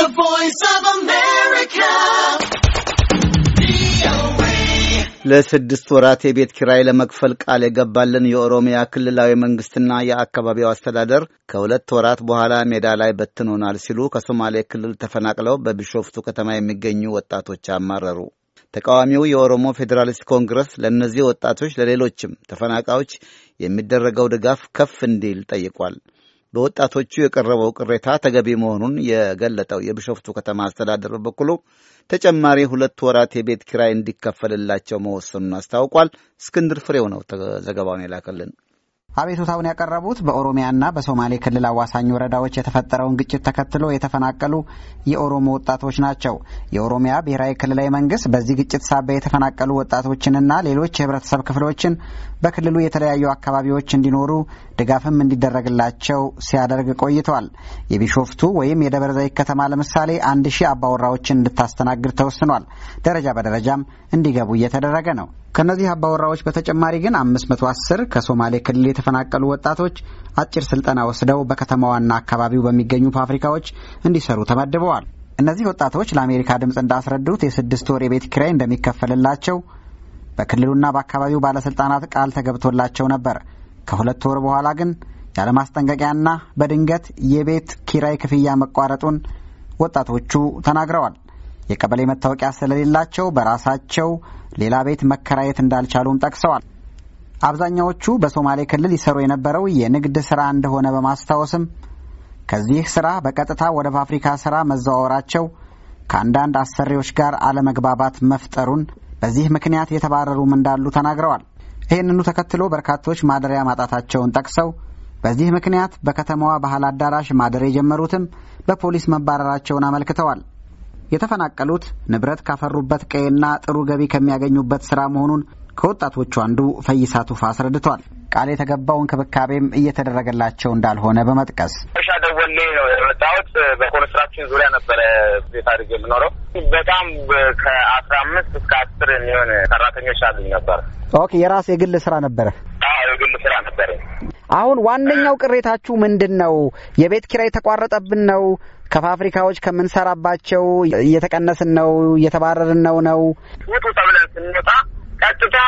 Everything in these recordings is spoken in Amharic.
The Voice of America. ለስድስት ወራት የቤት ኪራይ ለመክፈል ቃል የገባልን የኦሮሚያ ክልላዊ መንግስትና የአካባቢው አስተዳደር ከሁለት ወራት በኋላ ሜዳ ላይ በትኖናል ሲሉ ከሶማሌ ክልል ተፈናቅለው በቢሾፍቱ ከተማ የሚገኙ ወጣቶች አማረሩ። ተቃዋሚው የኦሮሞ ፌዴራሊስት ኮንግረስ ለእነዚህ ወጣቶች ለሌሎችም ተፈናቃዮች የሚደረገው ድጋፍ ከፍ እንዲል ጠይቋል። በወጣቶቹ የቀረበው ቅሬታ ተገቢ መሆኑን የገለጠው የቢሾፍቱ ከተማ አስተዳደር በበኩሉ ተጨማሪ ሁለት ወራት የቤት ኪራይ እንዲከፈልላቸው መወሰኑን አስታውቋል። እስክንድር ፍሬው ነው ዘገባውን የላከልን። አቤቱታውን ያቀረቡት በኦሮሚያና በሶማሌ ክልል አዋሳኝ ወረዳዎች የተፈጠረውን ግጭት ተከትሎ የተፈናቀሉ የኦሮሞ ወጣቶች ናቸው። የኦሮሚያ ብሔራዊ ክልላዊ መንግስት በዚህ ግጭት ሳቢያ የተፈናቀሉ ወጣቶችንና ሌሎች የህብረተሰብ ክፍሎችን በክልሉ የተለያዩ አካባቢዎች እንዲኖሩ ድጋፍም እንዲደረግላቸው ሲያደርግ ቆይቷል። የቢሾፍቱ ወይም የደብረ ዘይት ከተማ ለምሳሌ አንድ ሺህ አባወራዎችን እንድታስተናግድ ተወስኗል። ደረጃ በደረጃም እንዲገቡ እየተደረገ ነው። ከእነዚህ አባወራዎች በተጨማሪ ግን 510 ከሶማሌ ክልል የተፈናቀሉ ወጣቶች አጭር ስልጠና ወስደው በከተማዋና አካባቢው በሚገኙ ፋብሪካዎች እንዲሰሩ ተመድበዋል። እነዚህ ወጣቶች ለአሜሪካ ድምፅ እንዳስረዱት የስድስት ወር የቤት ኪራይ እንደሚከፈልላቸው በክልሉና በአካባቢው ባለስልጣናት ቃል ተገብቶላቸው ነበር። ከሁለት ወር በኋላ ግን ያለማስጠንቀቂያና በድንገት የቤት ኪራይ ክፍያ መቋረጡን ወጣቶቹ ተናግረዋል። የቀበሌ መታወቂያ ስለሌላቸው በራሳቸው ሌላ ቤት መከራየት እንዳልቻሉም ጠቅሰዋል። አብዛኛዎቹ በሶማሌ ክልል ይሰሩ የነበረው የንግድ ስራ እንደሆነ በማስታወስም ከዚህ ስራ በቀጥታ ወደ ፋብሪካ ስራ መዘዋወራቸው ከአንዳንድ አሰሪዎች ጋር አለመግባባት መፍጠሩን በዚህ ምክንያት የተባረሩም እንዳሉ ተናግረዋል። ይህንኑ ተከትሎ በርካቶች ማደሪያ ማጣታቸውን ጠቅሰው በዚህ ምክንያት በከተማዋ ባህል አዳራሽ ማደር የጀመሩትም በፖሊስ መባረራቸውን አመልክተዋል። የተፈናቀሉት ንብረት ካፈሩበት ቀዬና ጥሩ ገቢ ከሚያገኙበት ስራ መሆኑን ከወጣቶቹ አንዱ ፈይሳ ቱፋ አስረድቷል። ቃል የተገባው እንክብካቤም እየተደረገላቸው እንዳልሆነ በመጥቀስ ሻ ደወሌ ነው የመጣሁት። በኮንስትራክሽን ዙሪያ ነበረ ቤት አድርጌ የምኖረው። በጣም ከአስራ አምስት እስከ አስር የሚሆን ሰራተኞች አሉኝ ነበር። ኦኬ፣ የራስ የግል ስራ ነበረ? አዎ የግል ስራ ነበረ። አሁን ዋነኛው ቅሬታችሁ ምንድን ነው? የቤት ኪራይ ተቋረጠብን ነው ከፋብሪካዎች ከምንሰራባቸው እየተቀነስን ነው፣ እየተባረርን ነው ነው ውጡ ተብለን ስንወጣ ቀጥታ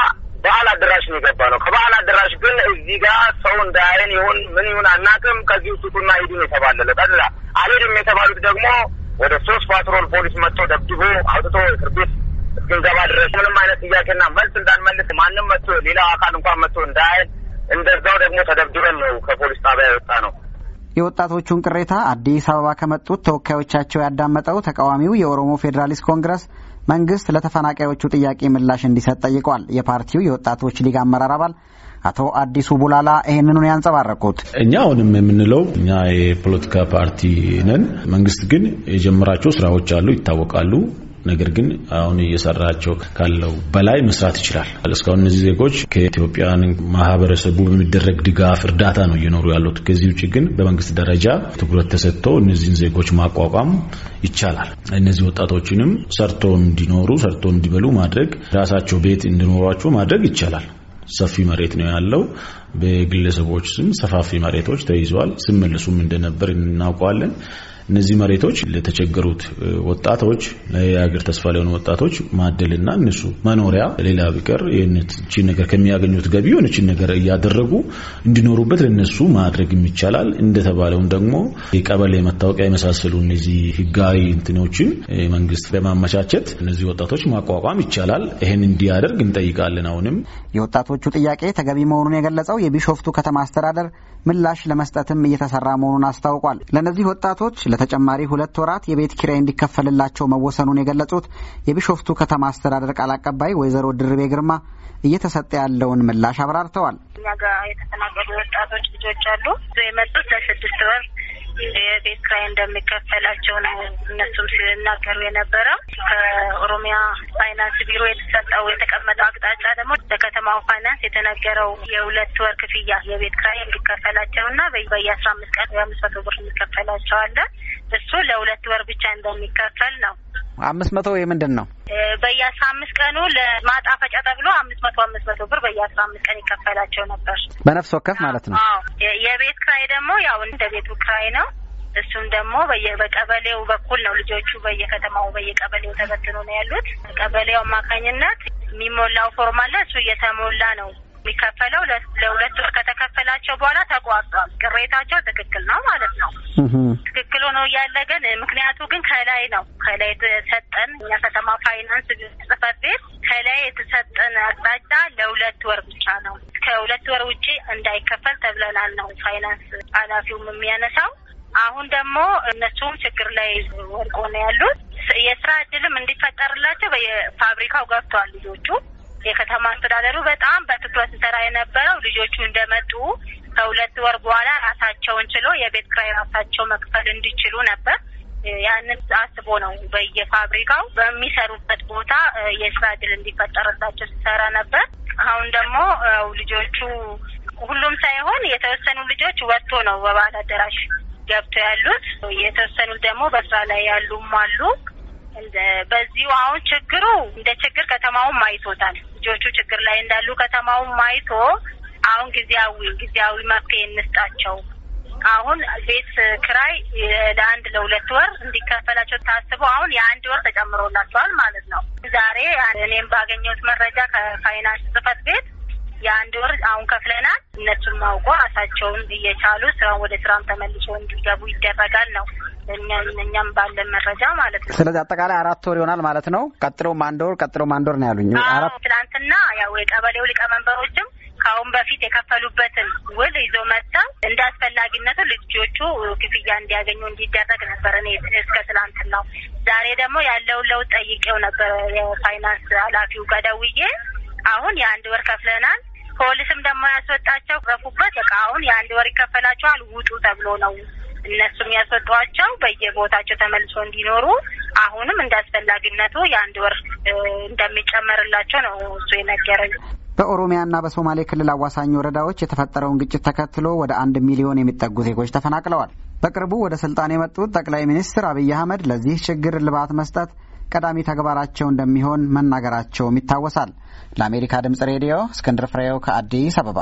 በዓል አዳራሽ ነው የገባ ነው። ከበዓል አዳራሽ ግን እዚህ ጋር ሰው እንዳይን ይሁን ምን ይሁን አናውቅም። ከዚህ ውጡና ሂዱ ነው የተባለለ። ጠላ አልሄድም የተባሉት ደግሞ ወደ ሶስት ፓትሮል ፖሊስ መጥቶ ደብድቦ አውጥቶ እስር ቤት እስክንገባ ድረስ ምንም አይነት ጥያቄና መልስ እንዳንመልስ ማንም መጥቶ ሌላው አካል እንኳን መጥቶ እንዳይን እንደዛው ደግሞ ተደብድበን ነው ከፖሊስ ጣቢያ የወጣ ነው። የወጣቶቹን ቅሬታ አዲስ አበባ ከመጡት ተወካዮቻቸው ያዳመጠው ተቃዋሚው የኦሮሞ ፌዴራሊስት ኮንግረስ መንግስት ለተፈናቃዮቹ ጥያቄ ምላሽ እንዲሰጥ ጠይቋል። የፓርቲው የወጣቶች ሊግ አመራር አባል አቶ አዲሱ ቡላላ ይህንኑን ያንጸባረቁት እኛ አሁንም የምንለው እኛ የፖለቲካ ፓርቲ ነን። መንግስት ግን የጀመራቸው ስራዎች አሉ፣ ይታወቃሉ። ነገር ግን አሁን እየሰራቸው ካለው በላይ መስራት ይችላል። እስካሁን እነዚህ ዜጎች ከኢትዮጵያን ማህበረሰቡ በሚደረግ ድጋፍ እርዳታ ነው እየኖሩ ያሉት። ከዚህ ውጭ ግን በመንግስት ደረጃ ትኩረት ተሰጥቶ እነዚህን ዜጎች ማቋቋም ይቻላል። እነዚህ ወጣቶችንም ሰርቶ እንዲኖሩ ሰርቶ እንዲበሉ ማድረግ ራሳቸው ቤት እንዲኖሯቸው ማድረግ ይቻላል። ሰፊ መሬት ነው ያለው። በግለሰቦች ስም ሰፋፊ መሬቶች ተይዘዋል። ሲመለሱም እንደነበር እናውቀዋለን። እነዚህ መሬቶች ለተቸገሩት ወጣቶች የሀገር ተስፋ ለሆኑ ወጣቶች ማደልና እነሱ መኖሪያ ሌላ ቢቀር ይህችን ነገር ከሚያገኙት ገቢ የሆነችን ነገር እያደረጉ እንዲኖሩበት ለነሱ ማድረግ ይቻላል። እንደተባለውን ደግሞ የቀበሌ መታወቂያ የመሳሰሉ እነዚህ ህጋዊ እንትኖችን መንግስት ለማመቻቸት እነዚህ ወጣቶች ማቋቋም ይቻላል። ይህን እንዲያደርግ እንጠይቃለን። አሁንም የወጣቶቹ ጥያቄ ተገቢ መሆኑን የገለጸው የቢሾፍቱ ከተማ አስተዳደር ምላሽ ለመስጠትም እየተሰራ መሆኑን አስታውቋል። ለእነዚህ ወጣቶች ለተጨማሪ ሁለት ወራት የቤት ኪራይ እንዲከፈልላቸው መወሰኑን የገለጹት የቢሾፍቱ ከተማ አስተዳደር ቃል አቀባይ ወይዘሮ ድርቤ ግርማ እየተሰጠ ያለውን ምላሽ አብራርተዋል። እኛ ጋር የተፈናቀሉ ወጣቶች ልጆች አሉ። የመጡት ለስድስት ወር የቤት ክራይ እንደሚከፈላቸው ነው እነሱም ሲናገሩ የነበረው። ከኦሮሚያ ፋይናንስ ቢሮ የተሰጠው የተቀመጠው አቅጣጫ ደግሞ ለከተማው ፋይናንስ የተነገረው የሁለት ወር ክፍያ የቤት ክራይ እንዲከፈላቸው እና በየ አምስት ቀን የአምስት መቶ ብር የሚከፈላቸው እሱ ለሁለት ወር ብቻ እንደሚከፈል ነው። አምስት መቶ የምንድን ነው? በየአስራ አምስት ቀኑ ለማጣፈጫ ተብሎ አምስት መቶ አምስት መቶ ብር በየአስራ አምስት ቀን ይከፈላቸው ነበር። በነፍስ ወከፍ ማለት ነው። የቤት ክራይ ደግሞ ያው እንደ ቤቱ ክራይ ነው። እሱም ደግሞ በቀበሌው በኩል ነው። ልጆቹ በየከተማው በየቀበሌው ተበትኖ ነው ያሉት። ቀበሌው አማካኝነት የሚሞላው ፎርም አለ። እሱ እየተሞላ ነው የሚከፈለው ለሁለት ወር ከተከፈላቸው በኋላ ተቋርጧል። ቅሬታቸው ትክክል ነው ማለት ነው። ትክክል ሆኖ እያለ ግን ምክንያቱ ግን ከላይ ነው። ከላይ የተሰጠን እኛ ከተማ ፋይናንስ ጽሕፈት ቤት ከላይ የተሰጠን አቅጣጫ ለሁለት ወር ብቻ ነው። ከሁለት ወር ውጪ እንዳይከፈል ተብለናል ነው ፋይናንስ ኃላፊውም የሚያነሳው። አሁን ደግሞ እነሱም ችግር ላይ ወድቆ ነው ያሉት። የስራ እድልም እንዲፈጠርላቸው በየፋብሪካው ገብተዋል ልጆቹ የከተማ አስተዳደሩ በጣም በትኩረት ስራ የነበረው ልጆቹ እንደመጡ ከሁለት ወር በኋላ ራሳቸውን ችሎ የቤት ኪራይ ራሳቸው መክፈል እንዲችሉ ነበር። ያንን አስቦ ነው በየፋብሪካው በሚሰሩበት ቦታ የስራ እድል እንዲፈጠርላቸው ሲሰራ ነበር። አሁን ደግሞ ልጆቹ ሁሉም ሳይሆን የተወሰኑ ልጆች ወጥቶ ነው በባህል አዳራሽ ገብቶ ያሉት፣ የተወሰኑት ደግሞ በስራ ላይ ያሉም አሉ። በዚሁ አሁን ችግሩ እንደ ችግር ከተማውም አይቶታል። ልጆቹ ችግር ላይ እንዳሉ ከተማውን ማይቶ አሁን ጊዜያዊ ጊዜያዊ መፍትሄ እንስጣቸው። አሁን ቤት ክራይ ለአንድ ለሁለት ወር እንዲከፈላቸው ታስቦ አሁን የአንድ ወር ተጨምሮላቸዋል ማለት ነው። ዛሬ እኔም ባገኘሁት መረጃ ከፋይናንስ ጽህፈት ቤት የአንድ ወር አሁን ከፍለናል። እነሱን ማውቋ ራሳቸውን እየቻሉ ስራ ወደ ስራም ተመልሶ እንዲገቡ ይደረጋል ነው እኛም ባለን መረጃ ማለት ነው። ስለዚህ አጠቃላይ አራት ወር ይሆናል ማለት ነው። ቀጥሎ አንድ ወር ቀጥሎ አንድ ወር ነው ያሉኝ። ትናንትና ያው የቀበሌው ሊቀመንበሮችም ከአሁን በፊት የከፈሉበትን ውል ይዞ መጥተው እንደ አስፈላጊነቱ ልጆቹ ክፍያ እንዲያገኙ እንዲደረግ ነበር። እኔ እስከ ነው። ዛሬ ደግሞ ያለውን ለውጥ ጠይቄው ነበር የፋይናንስ ኃላፊው ጋር ደውዬ አሁን የአንድ ወር ከፍለናል ፖሊስም ደግሞ ያስወጣቸው ረፉበት በቃ አሁን የአንድ ወር ይከፈላቸዋል ውጡ ተብሎ ነው እነሱም ያስወጧቸው በየቦታቸው ተመልሶ እንዲኖሩ አሁንም አስፈላጊነቱ የአንድ ወር እንደሚጨመርላቸው ነው እሱ የነገረኝ። በኦሮሚያና በሶማሌ ክልል አዋሳኝ ወረዳዎች የተፈጠረውን ግጭት ተከትሎ ወደ አንድ ሚሊዮን የሚጠጉ ዜጎች ተፈናቅለዋል። በቅርቡ ወደ ስልጣን የመጡት ጠቅላይ ሚኒስትር አብይ አህመድ ለዚህ ችግር እልባት መስጠት ቀዳሚ ተግባራቸው እንደሚሆን መናገራቸውም ይታወሳል። ለአሜሪካ ድምጽ ሬዲዮ እስክንድር ፍሬው ከአዲስ አበባ